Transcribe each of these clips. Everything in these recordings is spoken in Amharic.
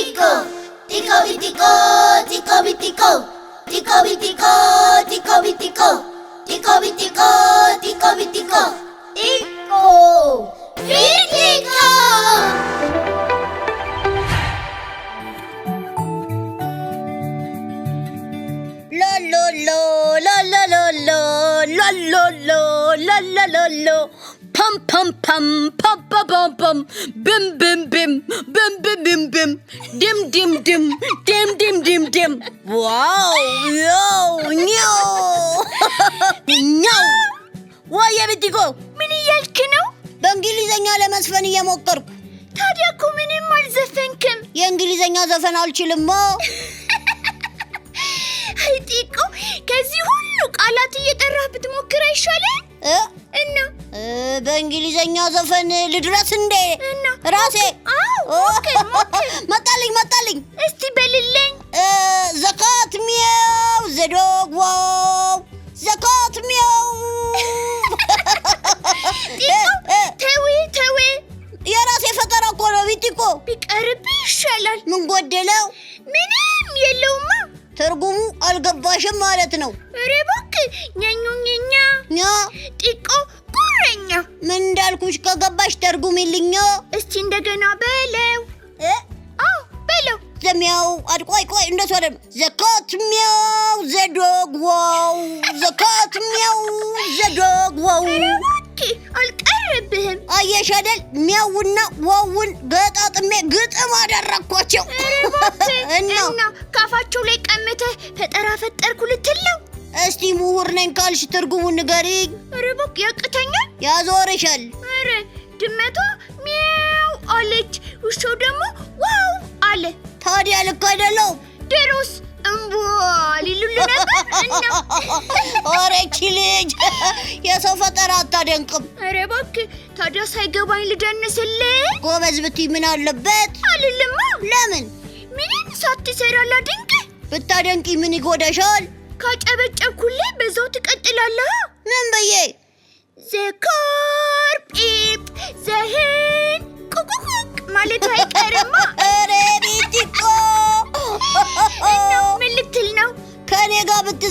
tico, tico vitico, tico Bitico, tico vitico, tico Bitico, tico tico tico lo lo lo lo lo lo lo lo lo lo Pam, pam, pam, pam, pam, pam, pam, bim, bim, bim, bim, bim, bim, bim, dim, dim, dim, dim, dim, dim, dim. Wow, yo, ኛው ኛው ዋይ የቤቲኮ ምን እያልክ ነው? በእንግሊዘኛ ለመስፈን እየሞከርኩ። ታዲያ እኮ ምንም አልዘፈንክም። የእንግሊዘኛ ዘፈን አልችልማ። አይጢቆ ከዚህ ሁሉ ቃላት እየጠራህ ብትሞክር አይሻልም? እና በእንግሊዘኛ ዘፈን ልድረስ እንዴ? እና ራሴ መጣልኝ መጣልኝ። እስቲ በልልኝ። ዘካት ሚያው ዘዶግ ዋው ዘካት ሚያው። ተዌ የራሴ ፈጠራ እኮ ነው። ቢጢቆ ቢቀርብ ይሻላል። ምን ጎደለው? ምንም የለውማ ትርጉሙ አልገባሽም ማለት ነው። ሪቡክ ኛኛኛ ኛ ጢቆ ጉረኛ ምን እንዳልኩሽ ከገባሽ ተርጉሚልኛ። እስቲ እንደገና በለው። አዎ በለው። ዘሚያው አድቋይ ቆይ እንደሱ አይደለም። ዘካት ሚያው ዘዶግ ዋው ዘካት ሚያው ዘዶግ ዋው ሪቡክ አልቀ አልሆነብህም። አየሽ አይደል ሚያውና ዋውን ገጣጥሜ ግጥም አደረግኳቸው እና ካፋቸው ላይ ቀምተህ ፈጠራ ፈጠርኩ ልትለው እስቲ ምሁር ነኝ ካልሽ ትርጉሙ ንገሪኝ። ኧረ እባክህ ያቅተኛል። ያዞርሻል። ኧረ ድመቷ ሚያው አለች፣ ውሻው ደግሞ ዋው አለ። ታዲያ ልክ አይደለው? ድሮስ እምቧ ሊሉል ነበር ኦረቺ ልጅ የሰው ፈጠራ አታደንቅም። ኧረ እባክህ ታዲያ ሳይገባኝ ልደንስልህ? ጎበዝ ብትይ ምን አለበት? አልልማ። ለምን? ምንም ሳትሰራ ላድንቅህ? ብታደንቂ ምን ይጎዳሻል? ካጨበጨብኩልህ በዛው ትቀጥላለህ። ምን ብዬ? ዘኮርጲፕ ዘህን ቁቁቁቅ ማለት አይቀ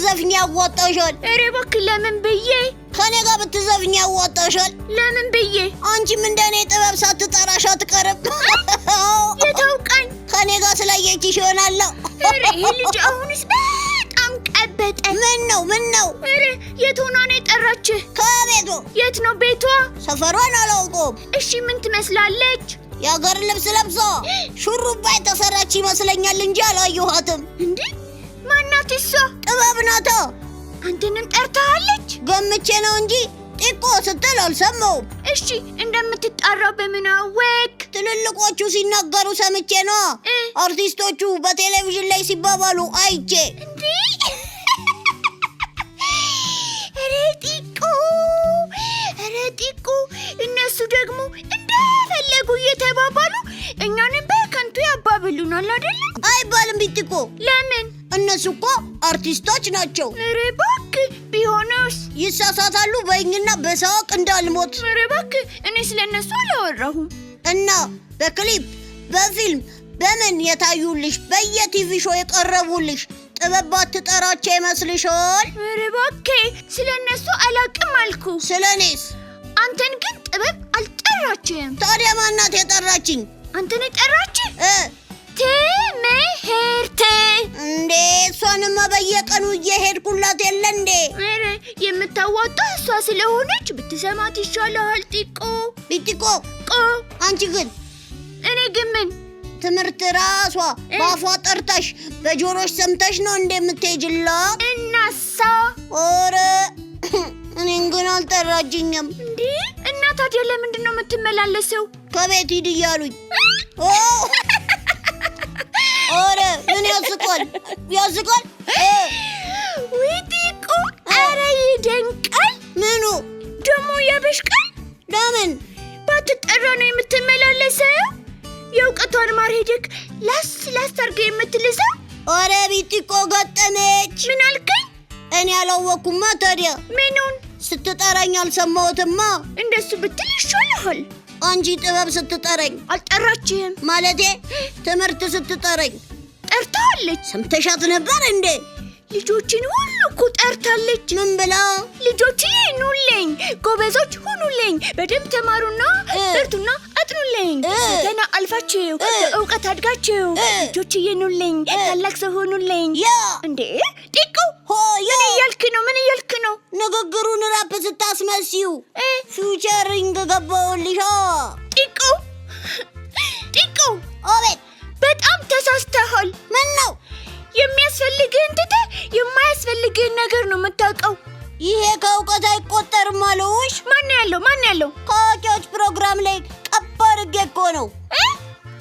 ብትዘፍኝ ያዋጣሻል። ኧረ እባክህ ለምን ብዬ ከኔ ጋር ብትዘፍኝ ያዋጣሻል። ለምን ብዬ አንቺም እንደኔ ጥበብ ሳትጠራሽ አትቀርም። የታውቃኝ ከኔ ጋር ስላየችሽ ይሆናል። ኧረ ልጅ አሁንስ በጣም ቀበጠ። ምን ነው ምን ነው? ኧረ የት ሆና ነው የጠራችህ? ከቤቱ። የት ነው ቤቷ? ሰፈሯን አላውቀውም። እሺ ምን ትመስላለች? የሀገር ልብስ ለብሳ ሹሩባ የተሰራች ይመስለኛል እንጂ አላየኋትም። እንዴ ማናት እሷ? ጥበብ ናታ። አንተንም ጠርታሃለች? ገምቼ ነው እንጂ ጢቆ ስትል አልሰማውም። እሺ እንደምትጣራው በምን አወቅ? ትልልቆቹ ሲናገሩ ሰምቼ ነው። አርቲስቶቹ በቴሌቪዥን ላይ ሲባባሉ አይቼ እንዴ እኛንም በከንቱ ያባብሉናል አይደለም? አይባልም ቢጢቆ ለምን እነሱ እኮ አርቲስቶች ናቸው። ኧረ እባክህ ቢሆንስ? ይሳሳታሉ። በይኝና በሳቅ እንዳልሞት። ኧረ እባክህ እኔ ስለ እነሱ አላወራሁም። እና በክሊፕ በፊልም በምን የታዩልሽ በየቲቪ ሾው የቀረቡልሽ ጥበብ ባትጠራቸው ይመስልሻል? ኧረ እባክህ ስለ እነሱ አላቅም አልኩ። ስለ እኔስ? አንተን ግን ጥበብ አልጠራችም። ታዲያ ማናት የጠራችኝ? አንተን የጠራችህ ትምህርት እንዴ እሷንማ በየቀኑ እየሄድኩላት የለ እንዴ? ኧረ የምታዋጣ እሷ ስለሆነች ብትሰማት ይሻላል ጢቆ ቢጢቆ ቆ አንቺ ግን እኔ ግን ምን ትምህርት ራሷ በአፏ ጠርታሽ በጆሮሽ ሰምተሽ ነው እንዴ የምትሄጅላት። እናሳ ኧረ እኔን ግን አልጠራችኝም እንዴ? እና ታዲያ ለምንድን ነው የምትመላለሰው? ከቤት ሂድ እያሉኝ ያስቃል፣ ያስቃል። ዊጢቁ አረ ይደንቃል። ምኑ ደግሞ ያበሽቃል። ለምን ባትጠራ ነው የምትመላለሰው? የእውቀቷን ማር ሄደክ ላስ ላስ አድርገህ የምትልሰው። አረ ቢጢቆ ገጠመች። ምን አልከኝ? እኔ ያላወቅኩማ። ታዲያ ምኑን ስትጠራኝ አልሰማሁትማ። እንደሱ ብትል ይሻልሃል። አንቺ ጥበብ ስትጠረኝ አልጠራችህም። ማለቴ ትምህርት ስትጠረኝ ጠርታለች። ሰምተሻት ነበር እንዴ? ልጆችን ሁሉ እኮ ጠርታለች። ምን ብላ? ልጆችዬ ኑልኝ፣ ጎበዞች ሁኑልኝ፣ በደንብ ተማሩና በርቱና አጥኑልኝ፣ ገና አልፋችሁ እውቀት አድጋችሁ ልጆችዬ ኑልኝ፣ ታላቅ ሰው ሆኑልኝ። እንዴ ጢቁ ምን እያልክ ነው? ምን እያልክ ነው? ንግግሩን ራፕ ስታስመሲው ፊውቸሪንግ ገባውልሻ የሚገኝ ነገር ነው የምታውቀው። ይሄ ከእውቀት አይቆጠርም አለውሽ። ማን ያለው ማን ያለው? ከአዋቂዎች ፕሮግራም ላይ ቀባር እኮ ነው።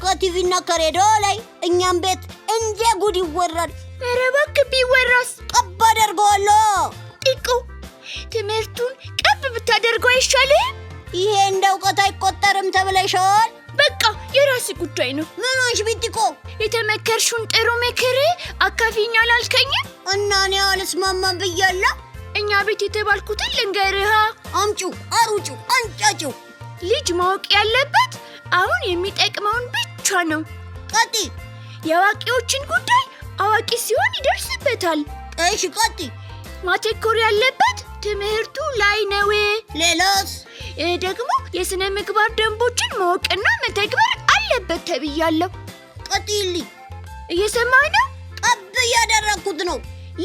ከቲቪና ከሬዲዮ ላይ እኛም ቤት እንዴ ጉድ ይወራል። ኧረ እባክህ ቢወራስ ቀብ አደርገዋለሁ። ጢቁ ትምህርቱን ቀብ ብታደርገው አይሻልም? ይሄ እንደ እውቀት አይቆጠርም ተብለሻል። በቃ የራስ ጉዳይ ነው። ምኖች ቢትቆ የተመከርሽውን ጥሩ ምክር አካፊኛ አላልከኝም እና እኔ አልስማማም ብያላ። እኛ ቤት የተባልኩትን ልንገርሃ። አምጩ፣ አሩጩ፣ አንጫጩ። ልጅ ማወቅ ያለበት አሁን የሚጠቅመውን ብቻ ነው። ቀጢ የአዋቂዎችን ጉዳይ አዋቂ ሲሆን ይደርስበታል። እሺ ቀጢ ማተኮር ያለበት ትምህርቱ ላይ ነው። ሌላስ ደግሞ የሥነ ምግባር ደንቦችን ማወቅና መተግበር አለበት ተብያለሁ። ቀጥይልኝ። እየሰማኸኝ ነው? ጠብ እያደረግኩት ነው።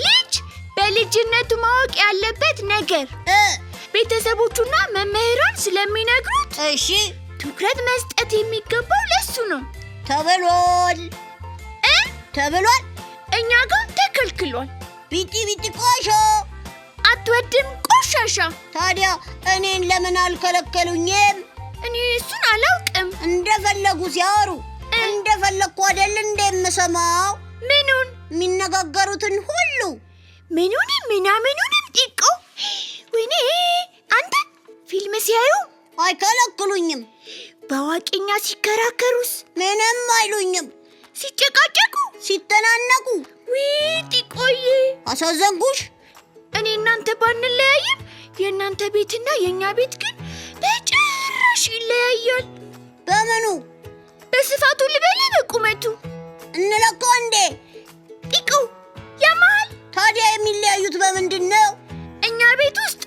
ልጅ በልጅነቱ ማወቅ ያለበት ነገር ቤተሰቦቹና መምህራን ስለሚነግሩት፣ እሺ፣ ትኩረት መስጠት የሚገባው ለሱ ነው ተብሏል እ ተብሏል እኛ ጋር ተከልክሏል። ቢጢ ቢጢ ቆሾ አትወድም ቆሻሻ። ታዲያ እኔን ለምን አልከለከሉኝም? እኔ እሱን አላውቅም። እንደፈለጉ ሲያወሩ እንደፈለግኩ አደል እንደ የምሰማው። ምኑን? የሚነጋገሩትን ሁሉ ምኑንም ምናምኑንም። ጢቆ ወይኔ አንተ ፊልም ሲያዩ አይከለክሉኝም። በአዋቂኛ ሲከራከሩስ ምንም አይሉኝም። ሲጨቃጨቁ፣ ሲተናነቁ ውይ ጢቆዬ አሳዘንኩሽ። እኔ እናንተ ባንለያይም የእናንተ ቤትና የእኛ ቤት ግን በጭራሽ ይለያያል። በምኑ? በስፋቱ ልበል በቁመቱ እንለኮ እንዴ ጢቁ ያመሃል። ታዲያ የሚለያዩት በምንድን ነው? እኛ ቤት ውስጥ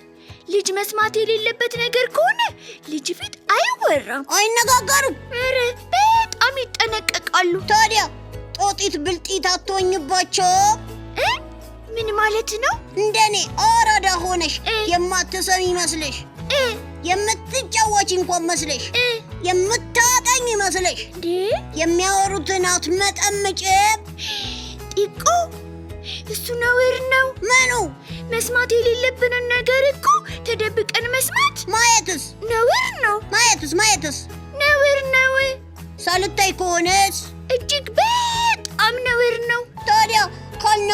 ልጅ መስማት የሌለበት ነገር ከሆነ ልጅ ፊት አይወራም፣ አይነጋገርም። ኧረ በጣም ይጠነቀቃሉ። ታዲያ ጦጢት ብልጢት አትሆኝባቸው። ምን ማለት ነው? እንደኔ አራዳ ሆነሽ የማትሰሚ መስለሽ የምትጫወች እንኳን መስለሽ፣ የምታጠኝ ይመስልሽ፣ የሚያወሩትን አትመጠምጭ። ጢቆ እሱ ነውር ነው። ምኑ መስማት የሌለብንን ነገር እኮ ተደብቀን መስማት ማየትስ ነውር ነው። ማየትስ ማየትስ ነውር ነው። ሳልታይ ከሆነስ እጅግ በ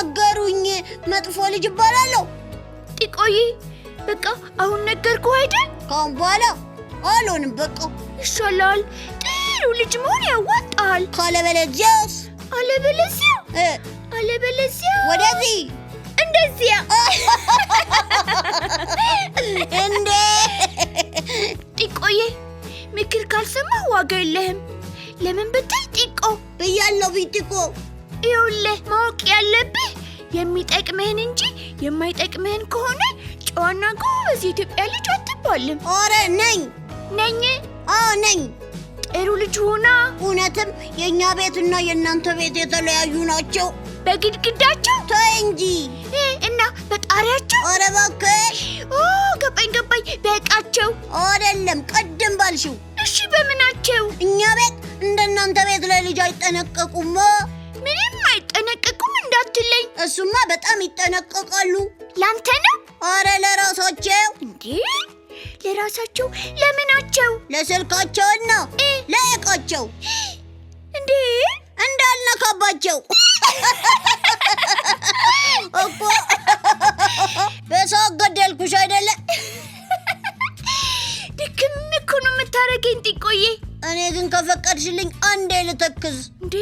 ነገሩኝ። መጥፎ ልጅ እባላለሁ። ጢቆይ በቃ አሁን ነገርኩ አይደል? ካሁን በኋላ አልሆንም። በቃ ይሻላል ጥሩ ልጅ መሆን ያዋጣል። ካለበለዚያስ አለበለዚያ አለበለዚያ ወደዚህ እንደዚያ እንዴ ጢቆዬ፣ ምክር ካልሰማ ዋጋ የለህም። ለምን ብትል ጢቆ ብያለሁ ቢጢቆ ይኸውልህ ማወቅ ያለብህ የሚጠቅምህን እንጂ የማይጠቅምህን ከሆነ ጨዋና ጎበዝ የኢትዮጵያ ልጅ አትባልም። ኧረ ነኝ ነኝ። አዎ ነኝ። ጥሩ ልጅ ሆና እውነትም የእኛ ቤትና የእናንተ ቤት የተለያዩ ናቸው። በግድግዳቸው ተይ እንጂ እና በጣሪያቸው። ኧረ እባክሽ። ገባኝ ገባኝ። በቃቸው አይደለም፣ ቀደም ባልሽው። እሺ በምናቸው? እኛ ቤት እንደናንተ ቤት ለልጅ አይጠነቀቁም። እሱማ በጣም ይጠነቀቃሉ። ላንተ ነው? አረ ለራሳቸው እንዴ! ለራሳቸው ለምናቸው? ለስልካቸውና ለእቃቸው እንዴ! እንዳልነካባቸው እኮ በሰው ገደልኩሽ አይደለ? ድክም እኮ ነው ጢቆዬ። እኔ ግን ከፈቀድሽልኝ አንዴ ልተክዝ። እንዴ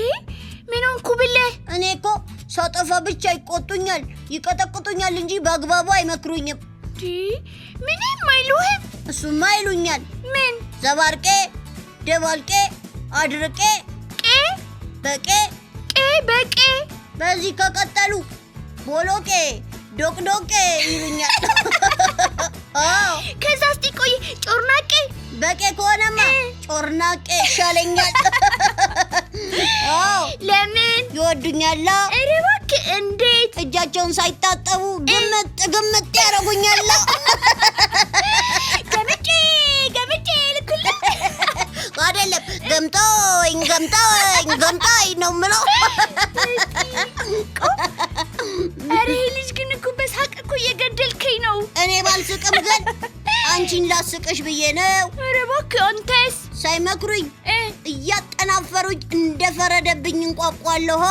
ምን ሆንኩ ብለህ እኔ እኮ ሳጠፋ ብቻ ይቆጡኛል፣ ይቀጠቅጡኛል እንጂ በአግባቡ አይመክሩኝም። ምንም አይሉህም? እሱማ ይሉኛል። ምን ዘባርቄ፣ ደባልቄ፣ አድርቄ፣ ቄ በቄ ቄ በቄ። በዚህ ከቀጠሉ ቦሎቄ፣ ዶቅዶቄ ይሉኛል። ከዛ እስቲ ቆይ ጮርናቄ በቄ ከሆነማ ጮርናቄ ይሻለኛል። ለምን ይወዱኛላ? ኧረ እባክህ እንዴት እጃቸውን ሳይታጠቡ ግምጥ ግምጥ ያደርጉኛላ። ገምጬ ገምጬ ልኩልህ አይደለም ገምጦኝ ገምጦኝ ገምጦኝ ነው የምለው። አያስቅም ግን አንቺን ላስቅሽ ብዬ ነው። ኧረ እባክህ አንተስ ሳይመክሩኝ እያጠናፈሩኝ እንደፈረደብኝ እንቋቋለሁ።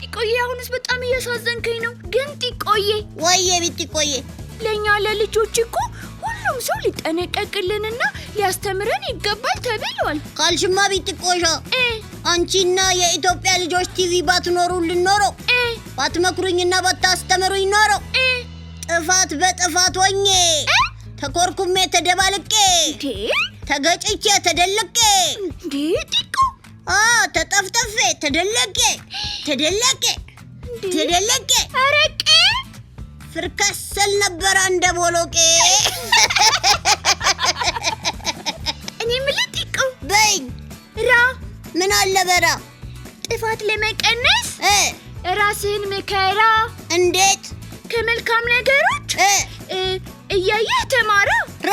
ጢቆዬ አሁንስ በጣም እያሳዘንከኝ ነው። ግን ጢቆዬ ወይ የቤት ጢቆዬ ለእኛ ለልጆች እኮ ሁሉም ሰው ሊጠነቀቅልንና ሊያስተምረን ይገባል ተብሏል። ካልሽማ ቤት ጢቆሻ አንቺና የኢትዮጵያ ልጆች ቲቪ ባትኖሩልን ኖሮ ባትመክሩኝና ባታስተምሩኝ ኖሮ ጥፋት በጥፋት ሆኜ ተኮርኩሜ ተደባልቄ ተገጭቼ ተደልቄ ተጠፍጠፌ ተደለቄ ተደለቄ ተደለቄ አረቄ ፍርከሰል ነበረ እንደ ቦሎቄ። እኔ የምልህ ጢቁ በይኝ ራ ምን አለ በራ ጥፋት ለመቀነስ ራስህን ምከራ። እንዴት? ከመልካም ነገሮች እያየህ ተማረ ራ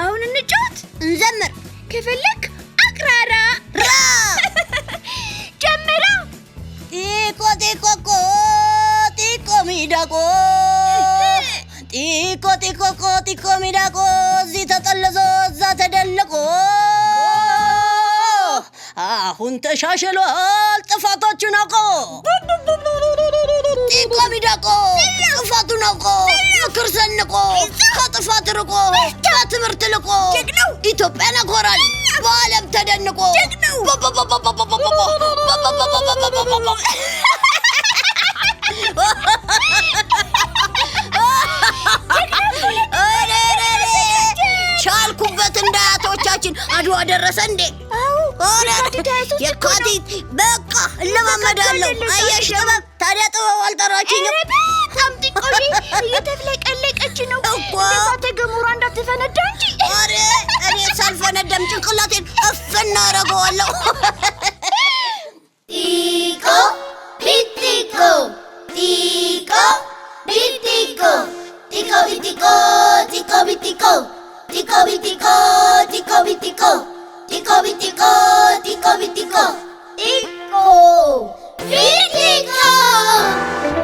አሁን እንጫወት፣ እንዘምር። ከፈለክ አቅራራ። ራ ጀምራ። ጢቆ ጢቆ ቆ ጢቆ ሚዳቆ ጢቆ ጢቆ ቆ ጢቆ ሚዳቆ እዚህ ተጠለዞ እዛ ተደለቆ አሁን ተሻሽሏል። ጥፋታችን አቆ ጢቆሚ ዳቆ ጥፋቱን አውቆ ምክር ሰንቆ ከጥፋት ርቆ ከትምህርት ልቆ ኢትዮጵያን ያኮራል በዓለም ተደንቆ ቻልኩበት እንዳያቶቻችን አድዋ ደረሰ እንዴ? የካቲት በቃ እለማመዳለሁ። አየሽ ጥበብ ታዲያ ጥበብ አልጠራችኝም። በጣም ጥቆሌ እየተፍለቀለቀች ነው እኮ እሳተ ገሞራ እንዳትፈነዳ እንጂ። ኧረ እኔ ሳልፈነዳም ጭንቅላቴን እፍ እናደርገዋለሁ። ጢቆ ቢጢቆ ጢቆ ቢጢቆ ጢቆ ቢጢቆ ጢቆ ቢጢቆ ጢቆ ቢጢቆ ጢቆ ቢጢቆ Tico, vitico, tico, vitico, tico, vitico.